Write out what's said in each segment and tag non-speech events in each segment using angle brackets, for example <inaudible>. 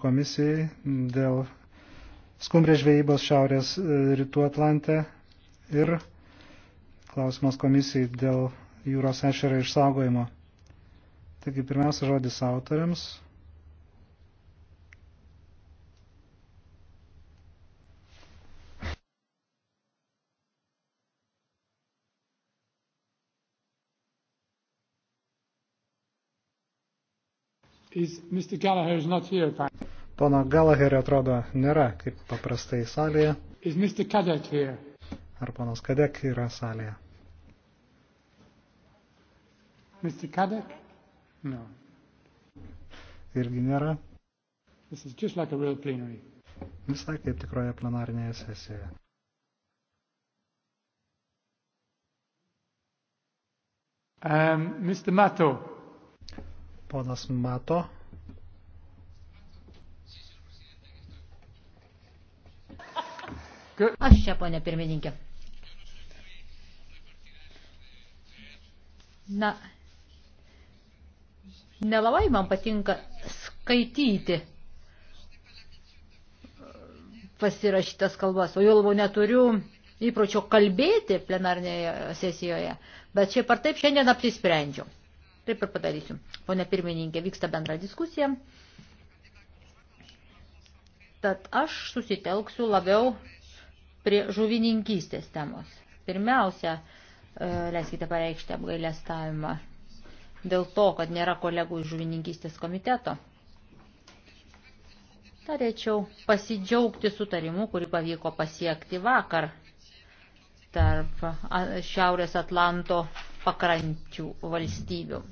komisijai dėl skumbrės žvejybos šiaurės e, rytų Atlante ir klausimas komisijai dėl jūros ešerio išsaugojimo. Taigi pirmiausia žodis autoriams. Pono Galaherio atrodo nėra, kaip paprastai salėje. Ar ponas Kadek yra salėje? Mr. Kadek? No. Irgi nėra. This is just like a real plenary. Visai kaip tikroje plenarinėje sesijoje. Um, Mr. Mato. Ponas Mato. Aš čia, ponė pirmininkė. Na, nelabai man patinka skaityti pasirašytas kalbas, o jau labiau neturiu įpročio kalbėti plenarnėje sesijoje, bet šiaip ar taip šiandien apsisprendžiau. Taip ir padarysiu. Pone pirmininkė, vyksta bendra diskusija. Tad aš susitelksiu labiau prie žuvininkystės temos. Pirmiausia, e, leiskite pareikšti apgailestavimą dėl to, kad nėra kolegų iš žuvininkystės komiteto. Tarėčiau pasidžiaugti sutarimu, kurį pavyko pasiekti vakar tarp Šiaurės Atlanto pakrančių valstybių.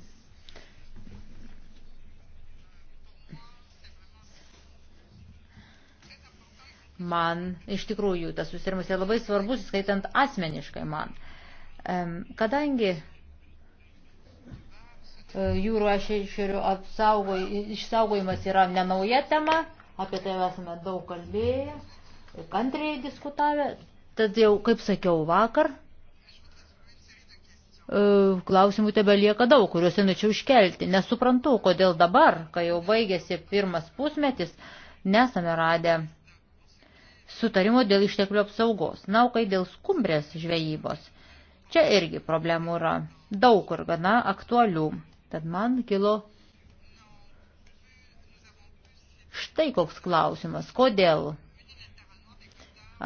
Man iš tikrųjų tas susirimas yra labai svarbus, skaitant asmeniškai man. Kadangi e, jūrų ešerių išsaugojimas yra nenauja tema, apie tai esame daug kalbėję, kantriai diskutavę, tad jau, kaip sakiau vakar, e, klausimų tebe lieka daug, kuriuos norėčiau iškelti. Nesuprantu, kodėl dabar, kai jau baigėsi pirmas pusmetis, nesame radę sutarimo dėl išteklių apsaugos. Na, o kai dėl skumbrės žvejybos, čia irgi problemų yra daug ir gana aktualių. Tad man kilo štai koks klausimas, kodėl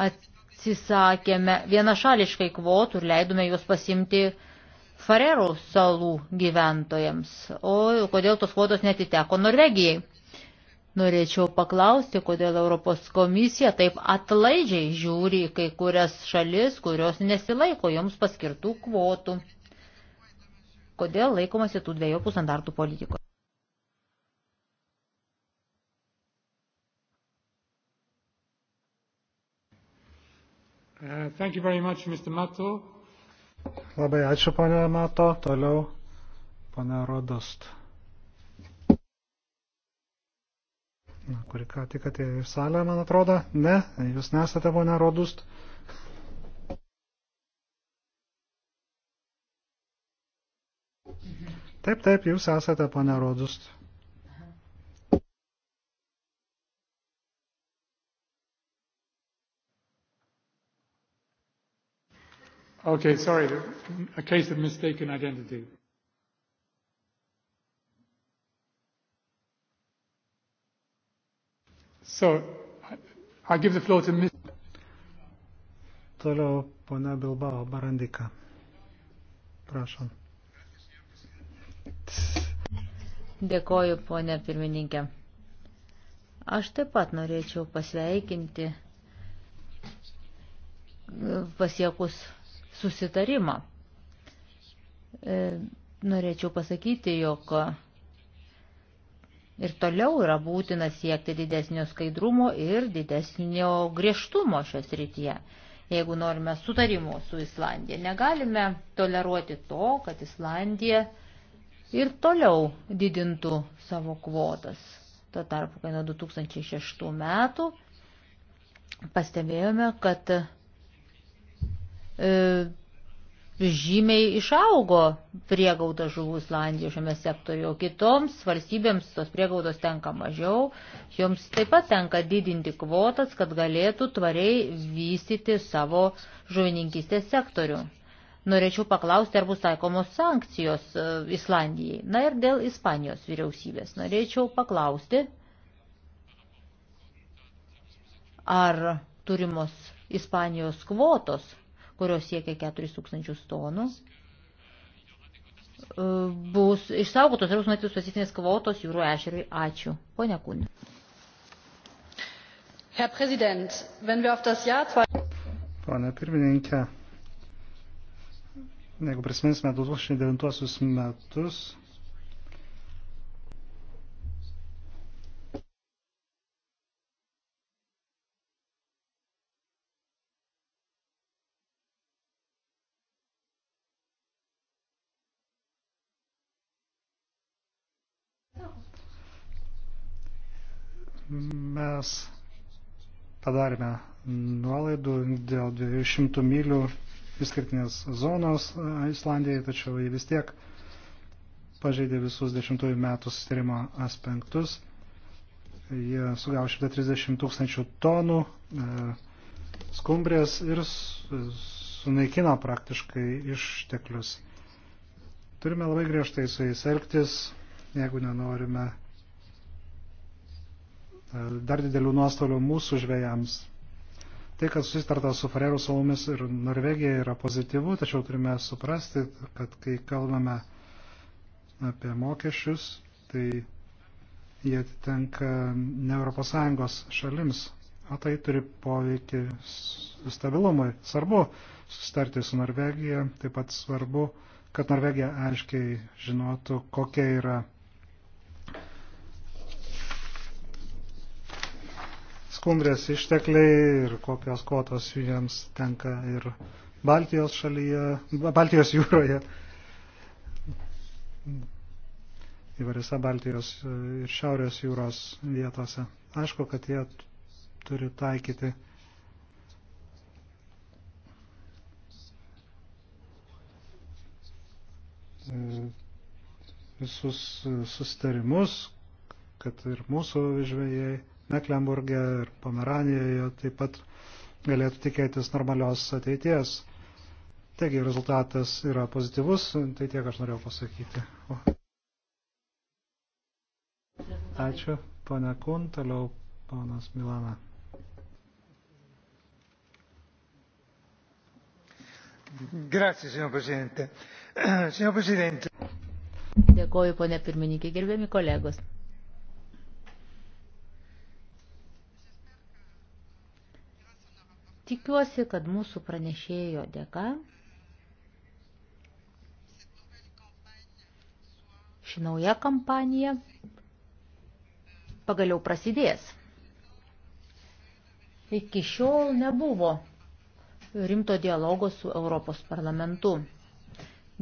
atsisakėme vienašališkai kvotų ir leidome juos pasimti Farerų salų gyventojams, o kodėl tos kvotos netiteko Norvegijai. Norėčiau paklausti, kodėl Europos komisija taip atlaidžiai žiūri į kai kurias šalis, kurios nesilaiko joms paskirtų kvotų. Kodėl laikomasi tų dviejopų standartų politikos? Uh, much, Labai ačiū, ponė Mato. Toliau, ponė Rodost. kuri ką tik atėjo į salę, man atrodo. Ne, jūs nesate ponia Rodust. Taip, taip, jūs esate ponia Rodust. Okay, sorry, a case of mistaken identity. So, I give the floor to Ms. Toliau pana Bilbao Barandika. Prašom. Dėkoju, ponė pirmininkė. Aš taip pat norėčiau pasveikinti pasiekus susitarimą. E, norėčiau pasakyti, jog Ir toliau yra būtina siekti didesnio skaidrumo ir didesnio griežtumo šios rytyje. Jeigu norime sutarimo su Islandija, negalime toleruoti to, kad Islandija ir toliau didintų savo kvotas. Tuo tarpu, kai nuo 2006 metų pastebėjome, kad e, žymiai išaugo priegauda žuvų Islandijoje šiame sektoriuje, o kitoms valstybėms tos priegaudos tenka mažiau, joms taip pat tenka didinti kvotas, kad galėtų tvariai vystyti savo žuvininkystės sektorių. Norėčiau paklausti, ar bus taikomos sankcijos e, Islandijai. Na ir dėl Ispanijos vyriausybės. Norėčiau paklausti, ar turimos Ispanijos kvotos kurios siekia 4000 tonų. E, bus išsaugotos ir numatytos specifinės kvotos jūrų ešeriui. Ačiū. Pone Kūnė. Herr Präsident, wenn wir auf das Jahr 2000... Pone pirmininkė, jeigu prisiminsime 2009 metus, mes padarėme nuolaidų dėl 200 mylių išskirtinės zonos e, Islandijai, tačiau jie vis tiek pažeidė visus dešimtųjų metų sustarimo aspektus. Jie sugavo 130 tūkstančių tonų e, skumbrės ir sunaikino praktiškai išteklius. Turime labai griežtai su jais elgtis, jeigu nenorime dar didelių nuostolių mūsų žvėjams. Tai, kad susitarta su Farerų salomis ir Norvegija yra pozityvu, tačiau turime suprasti, kad kai kalbame apie mokesčius, tai jie tenka ne ES šalims, o tai turi poveikį stabilumui. Svarbu susitarti su Norvegija, taip pat svarbu, kad Norvegija aiškiai žinotų, kokia yra skumbrės ištekliai ir kokios kvotos jiems tenka ir Baltijos šalyje, Baltijos <laughs> jūroje, įvairiose Baltijos e, ir Šiaurės jūros vietose. Aišku, kad jie turi taikyti e, visus e, sustarimus, kad ir mūsų žvėjai Mecklenburgė ir Pomeranijoje taip pat galėtų tikėtis normalios ateities. Taigi rezultatas yra pozityvus, tai tiek aš norėjau pasakyti. O. Ačiū, ponia Kun, toliau ponas Milana. Grazie, signor Presidente. Signor Presidente. Dėkoju, ponia pirmininkė, gerbiami kolegos. Tikiuosi, kad mūsų pranešėjo dėka ši nauja kampanija pagaliau prasidės. Iki šiol nebuvo rimto dialogo su Europos parlamentu,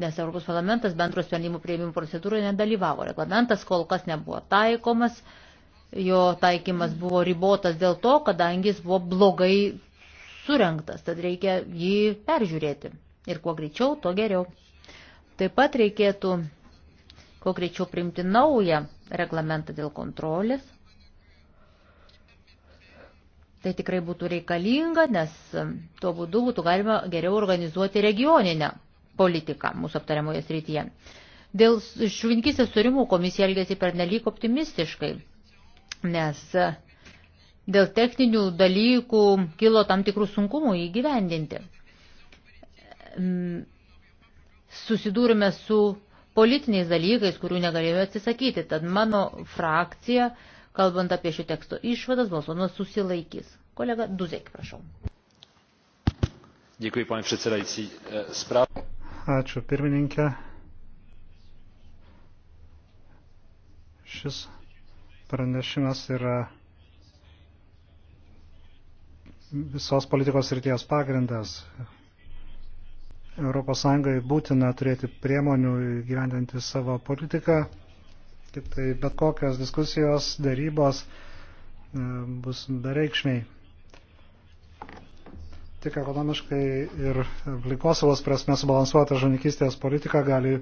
nes Europos parlamentas bendro sprendimų prieimimų procedūroje nedalyvavo. Reglamentas kol kas nebuvo taikomas, jo taikymas buvo ribotas dėl to, kadangi jis buvo blogai surenktas, tad reikia jį peržiūrėti. Ir kuo greičiau, to geriau. Taip pat reikėtų kuo greičiau priimti naują reglamentą dėl kontrolės. Tai tikrai būtų reikalinga, nes tuo būdu būtų galima geriau organizuoti regioninę politiką mūsų aptariamoje srityje. Dėl švinkysės surimų komisija elgėsi pernelyg optimistiškai, nes dėl techninių dalykų kilo tam tikrų sunkumų įgyvendinti. Mm, Susidūrime su politiniais dalykais, kurių negalėjome atsisakyti, tad mano frakcija, kalbant apie šio teksto išvadas, balsuodamas susilaikys. Kolega Duzek, prašau. Dėkui, pane predsedajci. E, Sprav... Ačiū, pirmininkė. Šis pranešimas yra visos politikos ryties pagrindas. ES būtina turėti priemonių gyvendinti savo politiką, kitaip bet kokios diskusijos, darybos e, bus bereikšmiai. Tik ekonomiškai ir aplinkosaugos prasme subalansuota žanikystės politika gali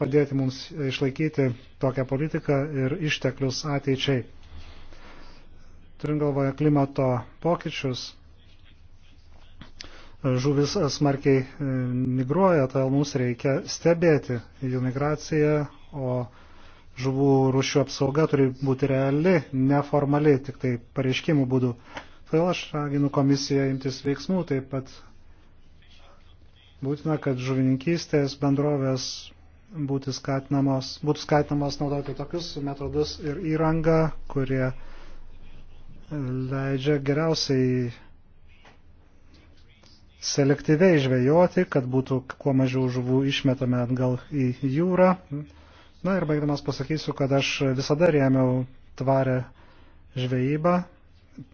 padėti mums išlaikyti tokią politiką ir išteklius ateičiai. Turint galvoje klimato pokyčius, žuvis smarkiai e, migruoja, tai mums reikia stebėti jų migraciją, o žuvų rušių apsauga turi būti reali, neformali, tik tai pareiškimų būdu. Todėl aš raginu komisiją imtis veiksmų, taip pat būtina, kad žuvininkystės bendrovės būtų skatinamos, būtų skatinamos naudoti tokius metodus ir įrangą, kurie leidžia geriausiai selektyviai žvejoti, kad būtų kuo mažiau žuvų išmetame atgal į jūrą. Na ir baigdamas pasakysiu, kad aš visada rėmiau tvarę žvejybą,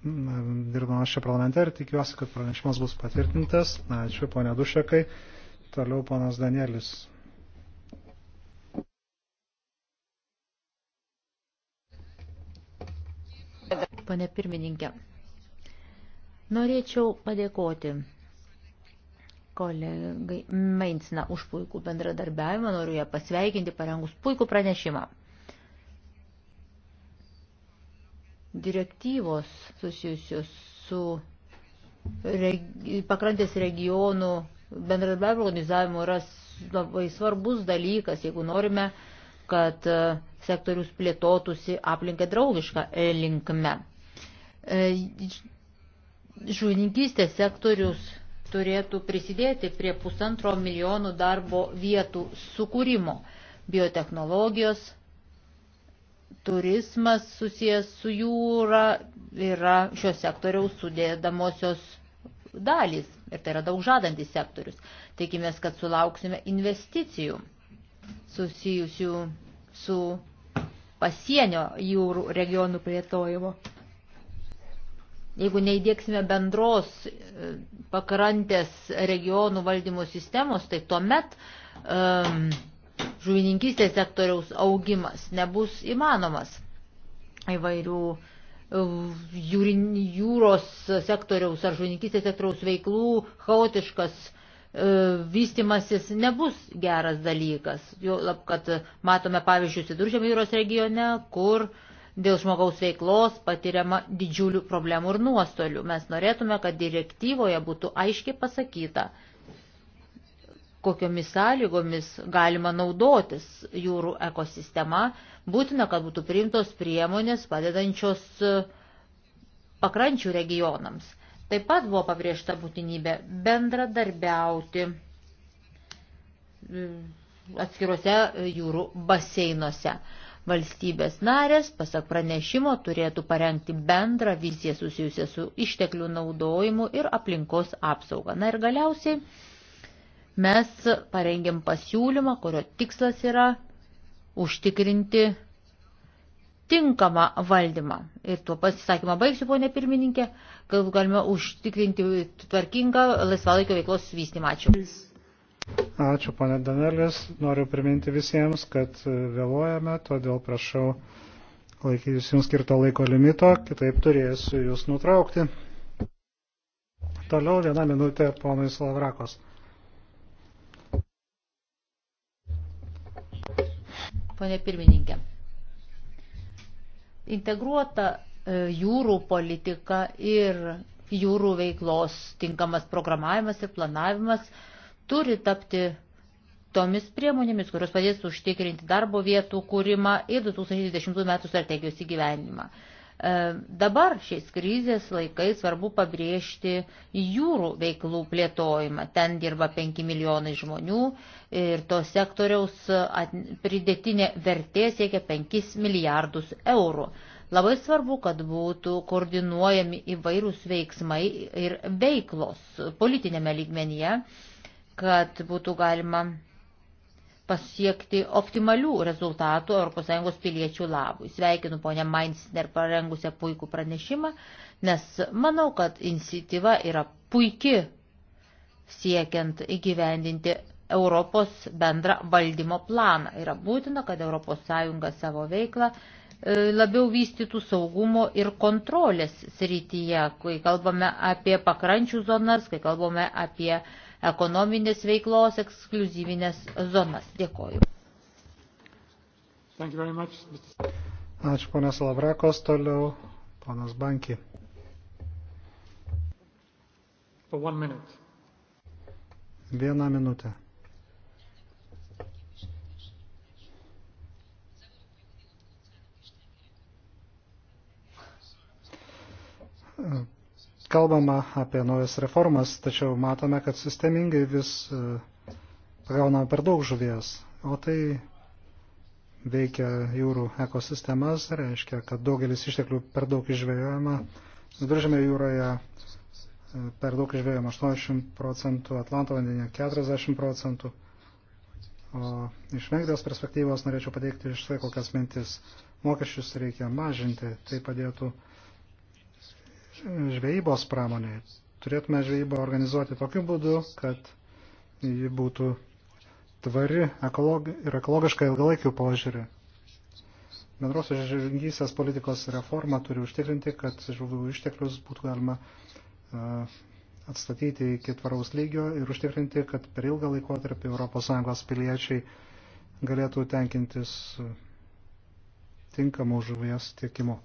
dirbdamas šią parlamente ir tikiuosi, kad pranešimas bus patvirtintas. Ačiū, ponia Dušekai. Toliau ponas Danielis. Pane pirmininkė, norėčiau padėkoti kolegai Mainsna už puikų bendradarbiavimą, noriu ją pasveikinti, parengus puikų pranešimą. Direktyvos susijusios su regi pakrantės regionų bendradarbiavimo organizavimo yra labai svarbus dalykas, jeigu norime, kad e, sektorius plėtotųsi aplinkai draugišką e, linkme e, žuvininkystės sektorius turėtų prisidėti prie pusantro milijonų darbo vietų sukūrimo. Biotehnologijos, turizmas susijęs su jūra yra šio sektoriaus sudėdamosios dalys ir tai yra daug žadantis sektorius. Tikimės, kad sulauksime investicijų susijusių su pasienio jūrų regionų plėtojimo. Jeigu neįdėksime bendros e, pakrantės regionų valdymo sistemos, tai tuomet um, žuvininkystės sektoriaus augimas nebus įmanomas. Įvairių e, jūros sektoriaus ar žuvininkystės sektoriaus veiklų chaotiškas e, vystimasis nebus geras dalykas. Jo, kad matome pavyzdžius Viduržėmio jūros regione, kur uh, dėl žmogaus veiklos patiriama didžiulių problemų ir nuostolių. Mes norėtume, kad direktyvoje būtų aiškiai pasakyta, kokiomis sąlygomis galima naudotis jūrų ekosistema. Būtina, kad būtų priimtos priemonės padedančios e, pakrančių regionams. Taip pat buvo pabrėžta būtinybė bendradarbiauti e, atskiruose e, jūrų baseinuose. Valstybės narės, pasak pranešimo, turėtų parengti bendrą viziją susijusią su išteklių naudojimu ir aplinkos apsauga. Na ir galiausiai mes parengėm pasiūlymą, kurio tikslas yra užtikrinti tinkamą valdymą. Ir tuo pasisakymą baigsiu, ponė pirmininkė, kad galime užtikrinti tvarkingą laisvalaikio veiklos vystymą. Ačiū. Ačiū, ponė Danelis. Noriu priminti visiems, kad vėluojame, todėl prašau laikytis jums skirto laiko limito, kitaip turėsiu jūs nutraukti. Toliau vieną minutę ponui Slavrakos. Pone pirmininkė, integruota e, jūrų politika ir jūrų veiklos tinkamas programavimas ir planavimas turi tapti tomis priemonėmis, kurios padės užtikrinti darbo vietų kūrimą ir 2020 metų strategijos įgyvenimą. E, dabar šiais krizės laikais svarbu pabrėžti jūrų veiklų plėtojimą. Ten dirba 5 milijonai žmonių ir to sektoriaus pridėtinė vertė siekia 5 milijardus eurų. Labai svarbu, kad būtų koordinuojami įvairūs veiksmai ir veiklos politinėme lygmenyje kad būtų galima pasiekti optimalių rezultatų ES piliečių labui. Sveikinu ponę Mainsner parengusią puikų pranešimą, nes manau, kad iniciatyva yra puiki siekiant įgyvendinti Europos bendrą valdymo planą. Yra būtina, kad ES savo veiklą e, labiau vystytų saugumo ir kontrolės srityje, kai kalbame apie pakrančių zonas, kai kalbame apie uh, ekonominės veiklos ekskluzyvinės zonas. Dėkoju. Much, Ačiū, ponas Lavrakos, toliau ponas Banki. Vieną minutę. kalbama apie naujas reformas, tačiau matome, kad sistemingai vis pagauname e, per daug žuvies, o tai veikia jūrų ekosistemas, reiškia, kad daugelis išteklių per daug išvėjojama. Viduržėme jūroje e, per daug išvėjojama 80 procentų, Atlanto vandenyje 40 procentų. O iš Vengrijos perspektyvos norėčiau pateikti iš tai kokias mintis. Mokesčius reikia mažinti, tai padėtų uh, žvejybos pramonėje. Turėtume žvejybą organizuoti tokiu būdu, kad ji būtų tvari ekologi ir ekologiška ilgalaikių požiūrį. Bendrosios žvingysės politikos reforma turi užtikrinti, kad žuvų išteklius būtų galima e, atstatyti iki tvaraus lygio ir užtikrinti, kad per ilgą laikotarpį ES piliečiai galėtų tenkintis tinkamų žuvies tiekimu.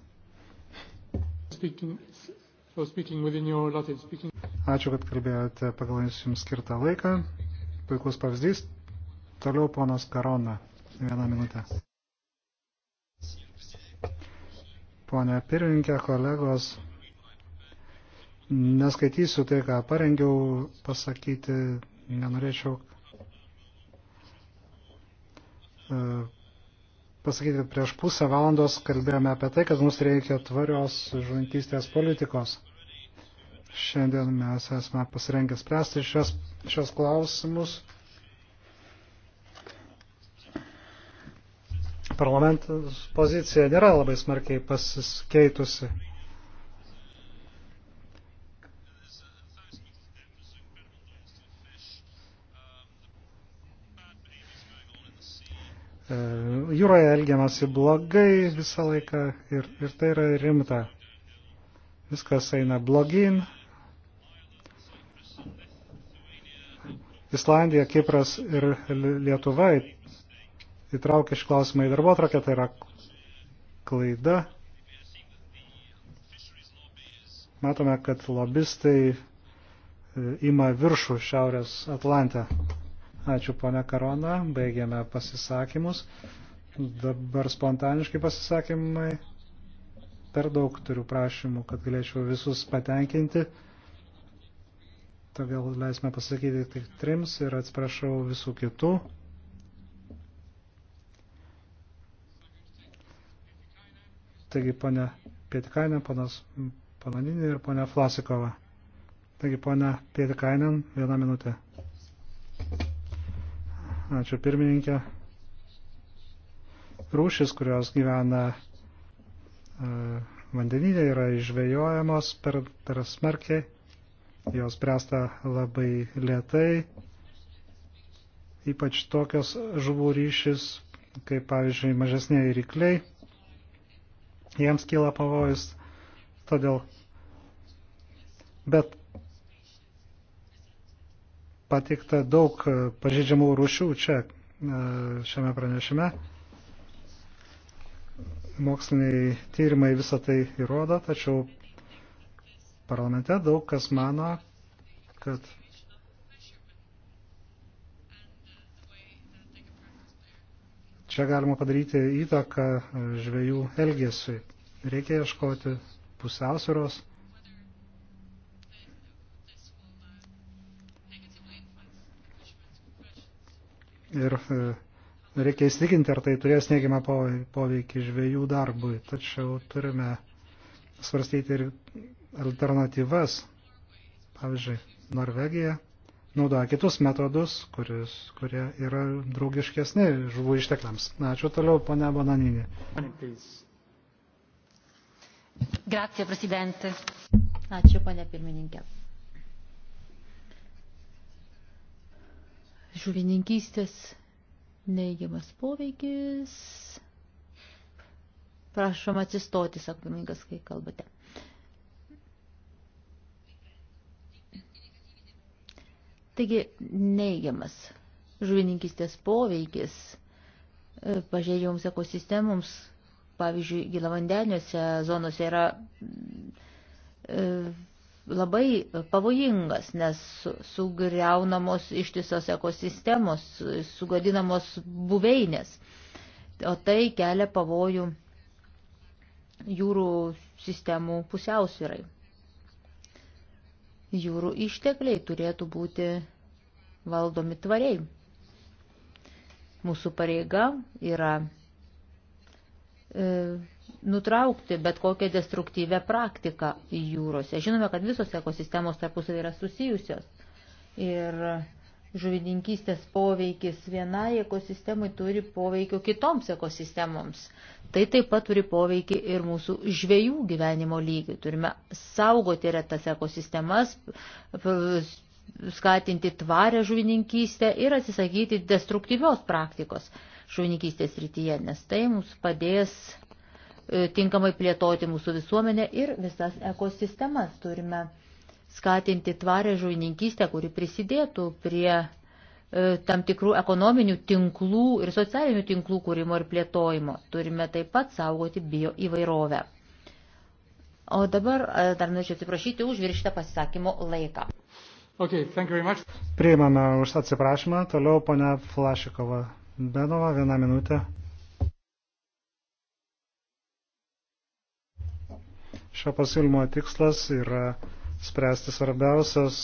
Ačiū, kad kalbėjote pagal jums skirtą laiką. Puikus pavyzdys. Toliau ponas Karona. Vieną minutę. Pone pirmininkė, kolegos, neskaitysiu tai, ką parengiau pasakyti, nenorėčiau e, pasakyti, kad prieš pusę valandos kalbėjome apie tai, kad mums reikia tvarios žuvininkystės politikos. Šiandien mes esame pasirengę spręsti šios, šios klausimus. Parlamentas pozicija nėra labai smarkiai pasikeitusi. jūroje elgiamasi blogai visą laiką ir, ir tai yra rimta. Viskas eina blogin. Islandija, Kipras ir Lietuva įtraukia šį klausimą į darbo trakę, tai yra klaida. Matome, kad lobistai e, ima viršų Šiaurės Atlantę. Ačiū, ponia Karona, baigėme pasisakymus. Dabar spontaniškai pasisakymai. Per daug turiu prašymų, kad galėčiau visus patenkinti. Todėl leisime pasakyti tik trims ir atsiprašau visų kitų. Taigi, ponia Pietikainen, ponas Pananinė ir ponia Flasikova. Taigi, ponia Pietikainen, vieną minutę. Ačiū pirmininkė rūšis, kurios gyvena e, vandenyje, yra išvejojamos per, per smarkiai, jos presta labai lietai, ypač tokios žuvų ryšis, kaip pavyzdžiui mažesniai rykliai, jiems kyla pavojus, todėl, bet patikta daug pažydžiamų rūšių čia e, šiame pranešime moksliniai tyrimai visą tai įrodo, tačiau parlamente daug kas mano, kad čia galima padaryti įtaką žvėjų elgesiui. Reikia ieškoti pusiausvėros. Ir e, Reikia įsitikinti, ar tai turės neigiamą poveikį žvėjų darbui, tačiau turime svarstyti ir alternatyvas. Pavyzdžiui, Norvegija naudoja kitus metodus, kuris, kurie yra draugiškesni žuvų ištekliams. Ačiū toliau, ponia Bonaninė. Grazie, Presidente. Ačiū, ponia pirmininkė. Žuvininkystės Neigiamas poveikis. Prašom atsistoti, sakomingas, kai kalbate. Taigi, neigiamas žuvininkistės poveikis e, pažeidžiamoms ekosistemoms, pavyzdžiui, gilavandeniuose zonose yra e, labai pavojingas, nes sugriaunamos ištisos ekosistemos, sugadinamos buveinės, o tai kelia pavojų jūrų sistemų pusiausvirai. Jūrų ištekliai turėtų būti valdomi tvariai. Mūsų pareiga yra E, nutraukti bet kokią destruktyvę praktiką jūrose. Žinome, kad visos ekosistemos tarpusavį yra susijusios. Ir žuvininkystės poveikis vienai ekosistemai turi poveikio kitoms ekosistemoms. Tai taip pat turi poveikį ir mūsų žvėjų gyvenimo lygių. Turime saugoti retas ekosistemas, skatinti tvarę žuvininkystę ir atsisakyti destruktyvios praktikos žuvininkystės rytyje, nes tai mums padės e, tinkamai plėtoti mūsų visuomenę ir visas ekosistemas. Turime skatinti tvarę žuvininkystę, kuri prisidėtų prie e, tam tikrų ekonominių tinklų ir socialinių tinklų kūrimo ir plėtojimo. Turime taip pat saugoti bio įvairovę. O dabar e, dar norėčiau atsiprašyti už viršitą pasisakymo laiką. Okay, Priimame už atsiprašymą. Toliau ponia Flašikova Benova, vieną minutę. Šio pasiūlymo tikslas yra spręsti svarbiausias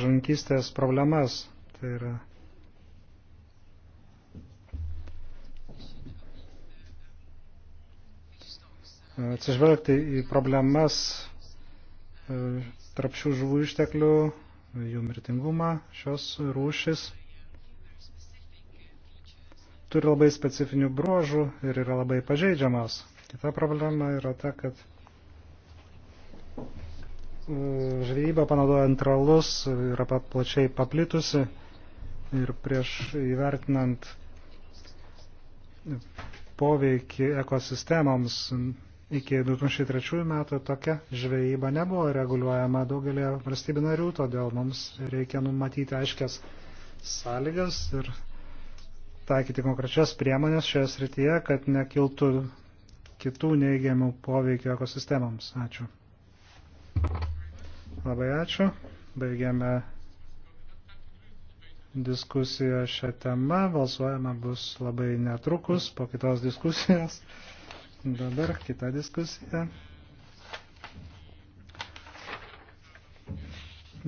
žankystės problemas. Tai yra atsižvelgti į problemas e, tarp šių žuvų išteklių, jų mirtingumą, šios rūšis turi labai specifinių bruožų ir yra labai pažeidžiamas. Kita problema yra ta, kad e, žvejyba panaudojant tralus yra plačiai paplitusi ir prieš įvertinant poveikį ekosistemoms iki 2003 metų tokia žvejyba nebuvo reguliuojama daugelėje valstybių narių, todėl mums reikia numatyti aiškias sąlygas ir taikyti konkrečias priemonės šioje srityje, kad nekiltų kitų neigiamų poveikio ekosistemams. Ačiū. Labai ačiū. Baigiame diskusiją šią temą. Valsuojama bus labai netrukus po kitos diskusijos. Dabar kita diskusija.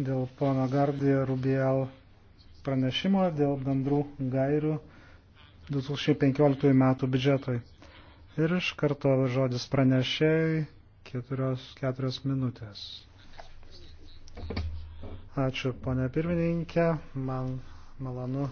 Dėl pono Gardija Rubiel pranešimo, dėl bendrų gairių 2015 metų biudžetui. Ir iš karto žodis pranešėjai keturios, keturios minutės. Ačiū, ponė pirmininkė, man malonu